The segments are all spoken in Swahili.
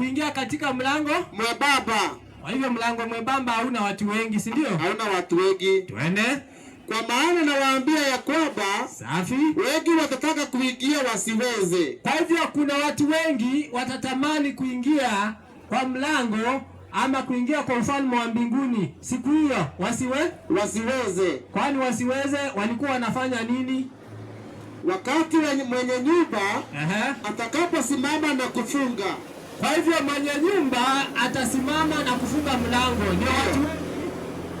kuingia katika mlango mwebamba Kwa hivyo mlango mwebamba hauna watu wengi, si ndio? Hauna watu wengi. Twende. Kwa maana nawaambia ya kwamba safi, wengi watataka kuingia wasiweze. Kwa hivyo kuna watu wengi watatamani kuingia kwa mlango ama kuingia kwa ufalme wa mbinguni siku hiyo wasiwe wasiweze. Kwani wasiweze walikuwa wanafanya nini? Wakati mwenye nyumba atakaposimama na kufunga kwa hivyo mwenye nyumba atasimama na kufunga mlango, ndio watu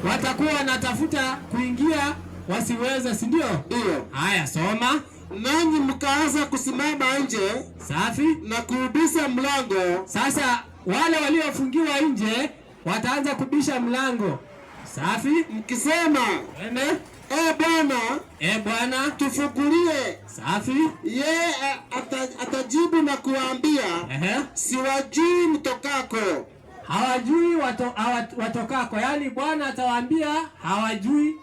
watakuwa wanatafuta kuingia wasiweze, si ndio? Ndio. Haya, soma nanyi mkaanza kusimama nje safi na kubisha mlango. Sasa wale waliofungiwa nje wataanza kubisha mlango safi, mkisema Amen. E Bwana, e Bwana, tufukulie. Safi. Yeye atajibu na kuwaambia, siwajui mtokako. Hawajui watokako, yani Bwana atawaambia hawajui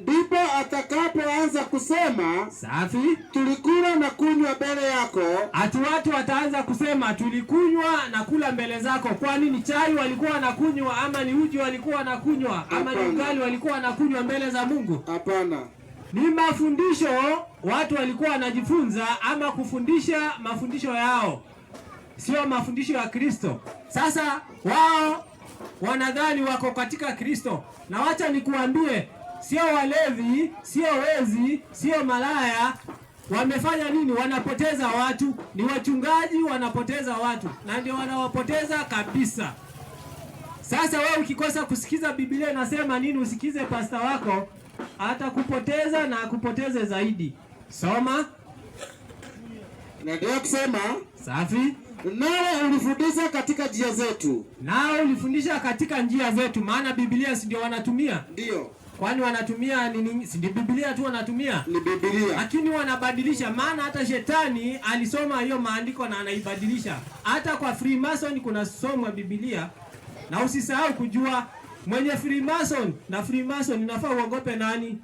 ndipo atakapoanza kusema safi, tulikula na kunywa mbele yako. Ati watu wataanza kusema tulikunywa na kula mbele zako. Kwani ni chai walikuwa nakunywa ama ni uji walikuwa wanakunywa ama ni ugali walikuwa nakunywa mbele za Mungu? Hapana, ni mafundisho watu walikuwa wanajifunza ama kufundisha mafundisho yao, sio mafundisho ya Kristo. Sasa wao wanadhani wako katika Kristo, na wacha nikuambie sio walevi, sio wezi, sio malaya. Wamefanya nini? Wanapoteza watu, ni wachungaji wanapoteza watu, na ndio wanawapoteza kabisa. Sasa wewe ukikosa kusikiza Biblia inasema nini, usikize pasta wako, atakupoteza na akupoteze zaidi. Soma. Naendelea kusema safi. Nawe ulifundisha katika njia zetu, nawe ulifundisha katika njia zetu, maana Biblia si ndio wanatumia? Ndio. Kwani wanatumia nini? Si Biblia tu wanatumia? Ni Biblia. Lakini wanabadilisha maana hata shetani alisoma hiyo maandiko na anaibadilisha. Hata kwa Freemason kuna somo Biblia. Na usisahau kujua mwenye Freemason na Freemason inafaa uogope nani?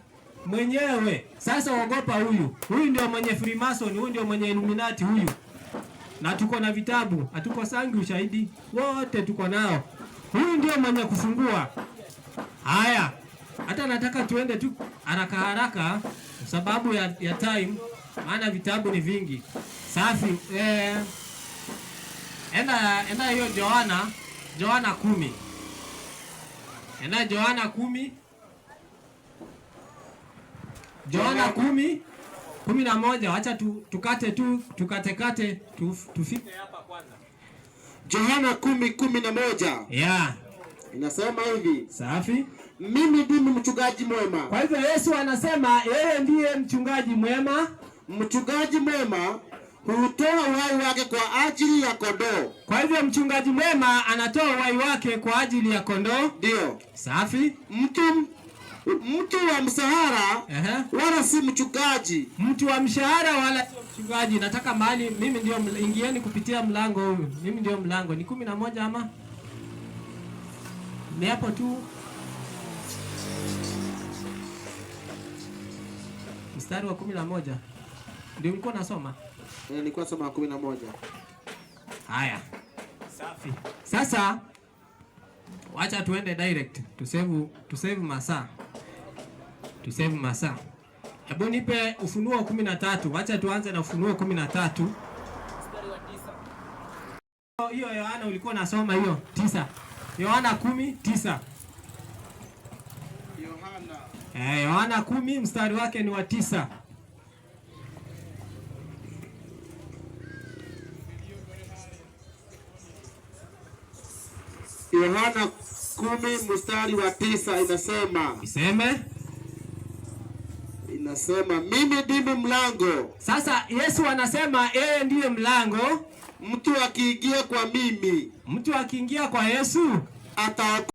Mwenyewe. Sasa uogopa huyu. Huyu ndio mwenye Freemason, huyu ndio mwenye Illuminati huyu. Na tuko na vitabu, hatuko sangi ushahidi. Wote tuko nao. Huyu ndio mwenye kufungua. Haya hata nataka tuende tu haraka haraka sababu ya, ya time, maana vitabu ni vingi. Safi eh, enda enda hiyo Joana, Joana kumi, enda Joana kumi Joana kumi kumi na moja. Wacha tu, tukate tu tukatekate tufike hapa kwanza. Johana kumi kumi na moja yeah. Inasema hivi. Safi. Mimi ndimi mchungaji mwema. Kwa hivyo Yesu anasema yeye ndiye mchungaji mwema. Mchungaji mwema hutoa uhai wake kwa ajili ya kondoo. Kwa hivyo mchungaji mwema anatoa uhai wake kwa ajili ya kondoo. Ndio. Safi. Mtu mtu wa mshahara uh -huh. wala si mchungaji. Mtu wa mshahara wala si mchungaji. Nataka mahali mimi ndio, ingieni kupitia mlango huu. Mimi ndio mlango. Ni kumi na moja ama meapo tu mstari wa kumi na moja ndio ulikuwa nasoma Eh, nilikuwa nasoma kumi na moja. Haya, safi. Sasa wacha tuende direct, tusevu tusave masaa, tusave masaa. Hebu nipe Ufunuo wa kumi na tatu. Wacha tuanze na Ufunuo kumi na tatu, mstari wa tisa. Hiyo Yohana ulikuwa unasoma hiyo tisa. Yohana kumi tisa. Yohana, eh, Yohana kumi mstari wake ni wa tisa. Yohana kumi mstari wa tisa inasema, iseme inasema, mimi ndimi mlango. Sasa Yesu anasema yeye ndiye mlango Mtu akiingia kwa mimi, mtu akiingia kwa Yesu ata